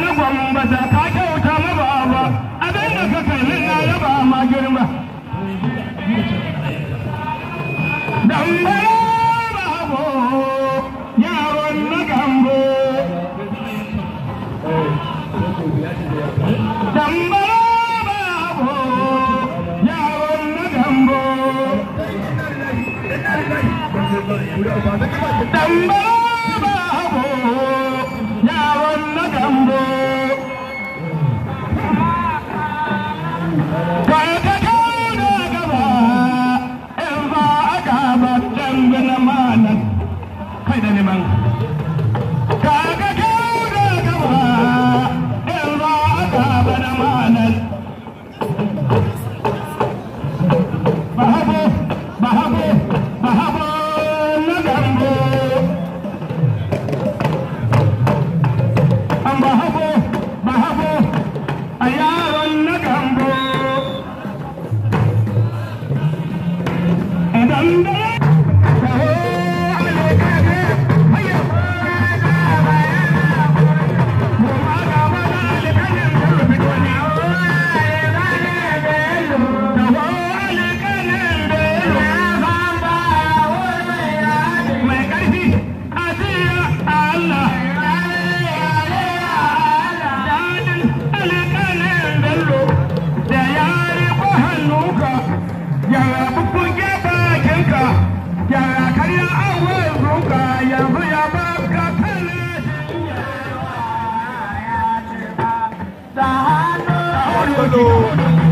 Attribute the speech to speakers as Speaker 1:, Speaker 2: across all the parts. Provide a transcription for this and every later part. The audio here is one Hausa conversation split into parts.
Speaker 1: na gwambata ka kyauta ma ba ba abin da ka kalli na yaba ma girma dambara ba habo yaron na gambo dambara ba habo yaron na gambo Hello.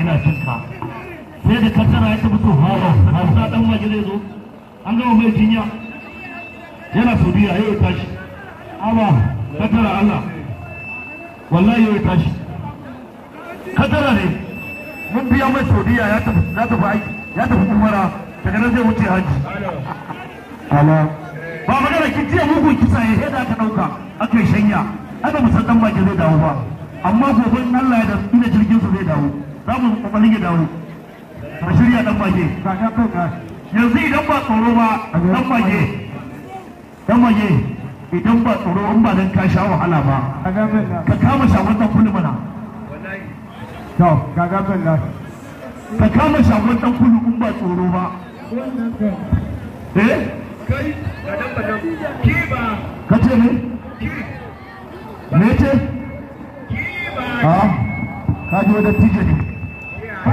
Speaker 1: ina ka sai da kaddara ya tafi to hawa hausa dan waje zai zo an gama mai jinya yana saudiya yau ya tashi amma kaddara allah wallahi yau ya tashi kaddara ne mun biya mai saudiya ya tafi ya tafi aiki ya tafi umara daga nan zai wuce haji ba magana ki mu ku kisa ya shaida ka dauka akai shanya aka musan dan baki zai dawo ba amma gobe Allah ya da ina jirgin su zai dawo za mu kokarin ya dawo a shirya dan mage yanzu idan ba tsoro ba dan mage dan mage idan ba tsoro in ba dan ka sha wahala ba ka kama shagon dan kulu mana to gaga bella ka kama shagon dan kulu in ba tsoro ba eh kai ga dan ba ki ba ka ce ne me ce ki ba ah, ka ji wadattijo ne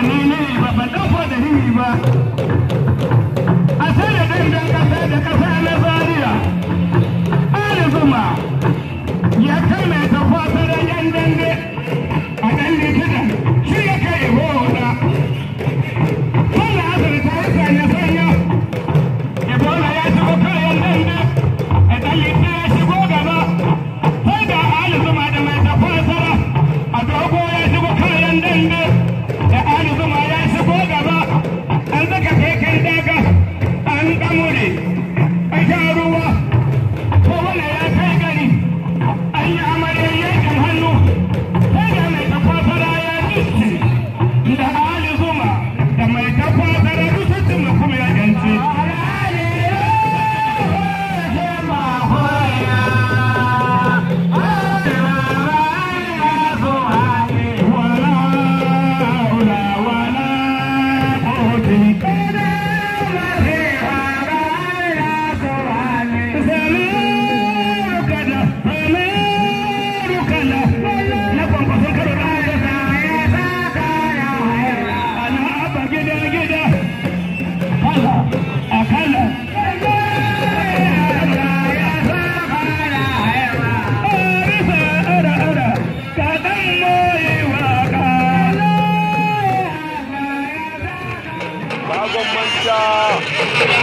Speaker 1: Giovanni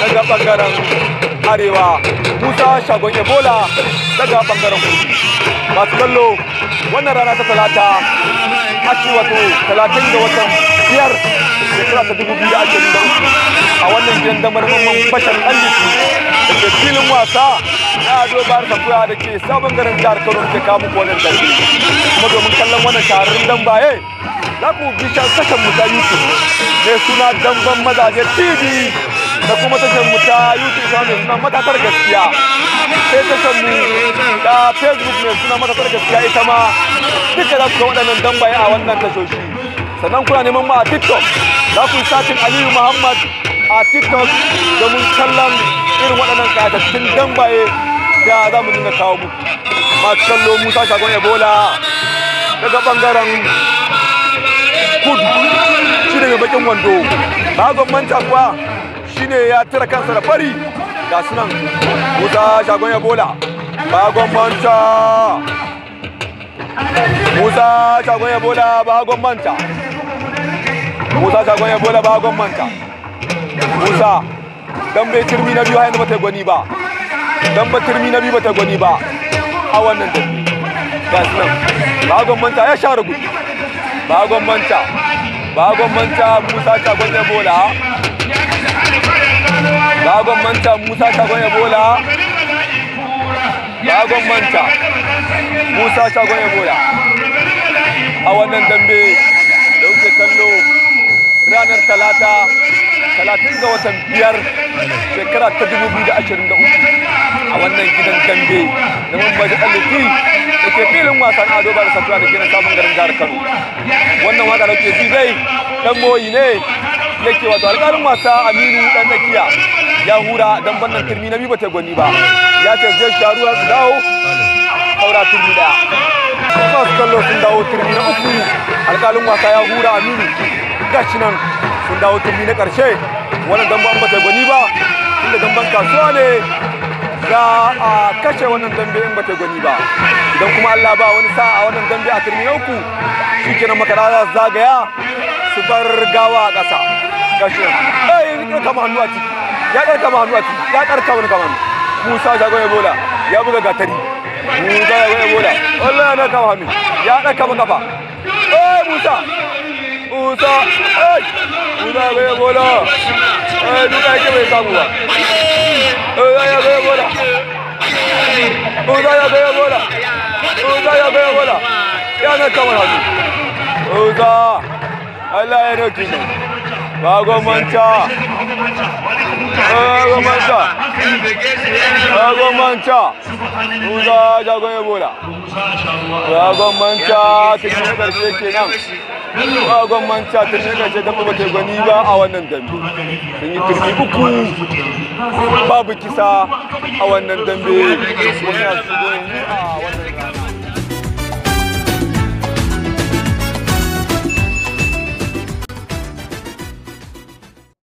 Speaker 2: daga bangaren arewa musa shagon ebola daga bangaren kudu masu kallo wannan rana ta talata a wato talatin da watan biyar shekara ta dubu biyu ashirin a wannan gidan damar mamman bashar ɗanliki da ke filin wasa na ado bayar koya da ke sabon garin jihar kano da ke kamun da kuma domin kallon wannan shahararrun dan baye za ku bi shan sakan mu ne mai suna damban mazaje tv da kuma tashar mu ta YouTube channel suna matatar gaskiya sai tashar mu da Facebook ne suna matatar gaskiya ita ma duka za su ga waɗannan dambaye a wannan tashoshi sannan kuna neman mu a TikTok za ku yi satin Aliyu Muhammad a TikTok mun kallon irin waɗannan kayatattun dambaye da za mu dinga kawo muku masu kallo Musa Shagon Ebola daga bangaren kudu wando bagon manta kuwa shine ya tira kansa da fari ga sunan musa shagon ya bola bagon manta musa shagon ya bola bagon manta musa shagon ya bola bagon manta musa dan bai turmi na biyu yanzu bata gwani ba dan ba turmi na biyu bata gwani ba a wannan tafi ga sunan bagon manta ya share gudu bagon manta bagon manta musa shagon ya bola bagon manta musa shagon ya bola
Speaker 1: bagon manta musa shagon ya bola
Speaker 2: a wannan dambe da wuce kallo ranar talata talatin ga watan biyar shekara ta dubu biyu da ashirin da uku a wannan gidan gambe da mun baji da ke filin wasan ado ba da sakura da ke na garin jihar kano wannan waka da ke ji zai, dan moyi ne yake wato alƙalin wasa aminu dan nakiya ya hura dan bannan turmi na biyu ba ta gwani ba ya ce zai sha ruwa su dawo saura turmi daya masu kallo sun dawo turmi na uku alƙalin wasa ya hura aminu gashi nan sun dawo turmi na ƙarshe wannan dan ba ba ta gwani ba tunda dan ban kasuwa ne ga kashe wannan dambe in bata gwani ba idan kuma Allah ba wani sa'a wannan dambe a turmi uku shikenan makara za su zagaya su bar gawa a ƙasa kashe eh ya kama hannu a ciki ya kama hannu a ciki ya kama wani kama Musa Shago Ebola ya buga gatari Musa Shago Ebola wallahi na kama hannu ya ɗan kama kafa eh Musa Musa eh Musa Shago Ebola eh duka yake bai samu ba nan kawai
Speaker 1: hannu
Speaker 2: oza Allah ya roki ne ba gwamnata
Speaker 1: ba
Speaker 2: gwamnata ba gwamnata oza jagoye bola ba gwamnata ta yi karshe kenan ba gwamnata ta yi karshe ta kuma ke gwani ba a wannan dambe sun yi turbi uku babu kisa a wannan dambe a a wannan